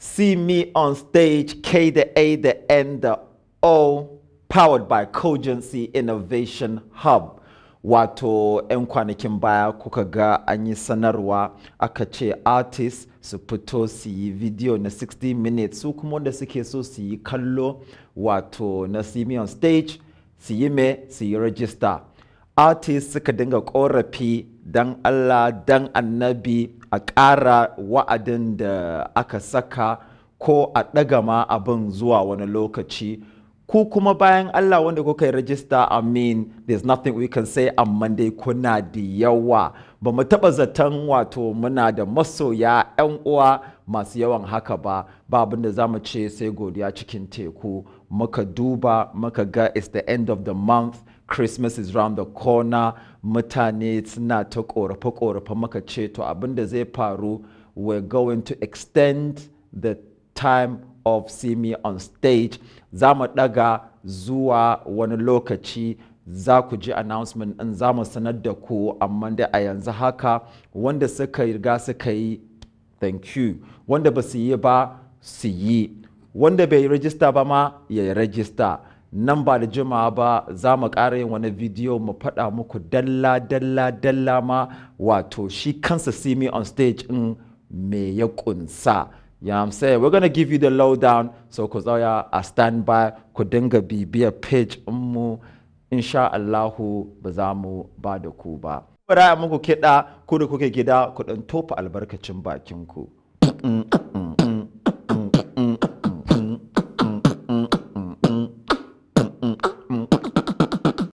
See me on stage, K the A, the N, the O, powered by Cogency Innovation Hub. Wato, 'yan kwanakin baya kuka ga an yi sanarwa aka ce artist su fito su yi video na 60 minutes su kuma wanda suke so su yi kallo wato na see me on stage su yi me su yi register. Artist suka dinga korafi dan Allah dan annabi a ƙara wa'adin da aka saka ko a ɗaga ma abin zuwa wani lokaci ku kuma bayan Allah wanda kuka yi rajista Amin mean there's nothing we can say amma dai kuna da yawa ba mu taɓa zaton wato muna da masoya 'yan uwa masu yawan haka ba ba da za mu ce sai godiya cikin teku muka duba muka ga it's the end of the month christmas is round the corner mutane suna ta korafe-korafe maka ce to abin da zai faru we're going to extend the time of see me on stage za mu daga zuwa wani lokaci za ku ji announcement ɗin za mu sanar da ku amma da a yanzu haka wanda suka riga suka yi thank you wanda ba su yi ba su yi wanda bai rajista ba ma ya yi rajista nan ba da jimawa ba za mu ƙara yin wani video mu faɗa muku dalla dalla dalla ma wato shi kansa see me on stage in me ya kunsa ya am saying we're gonna give you the lowdown so ku tsaya a stand by ku dinga bibiyar page mu insha Allahu ba za mu ba da ku ba bara muku kiɗa ku da kuke gida ku ɗan tofa albarkacin bakin ku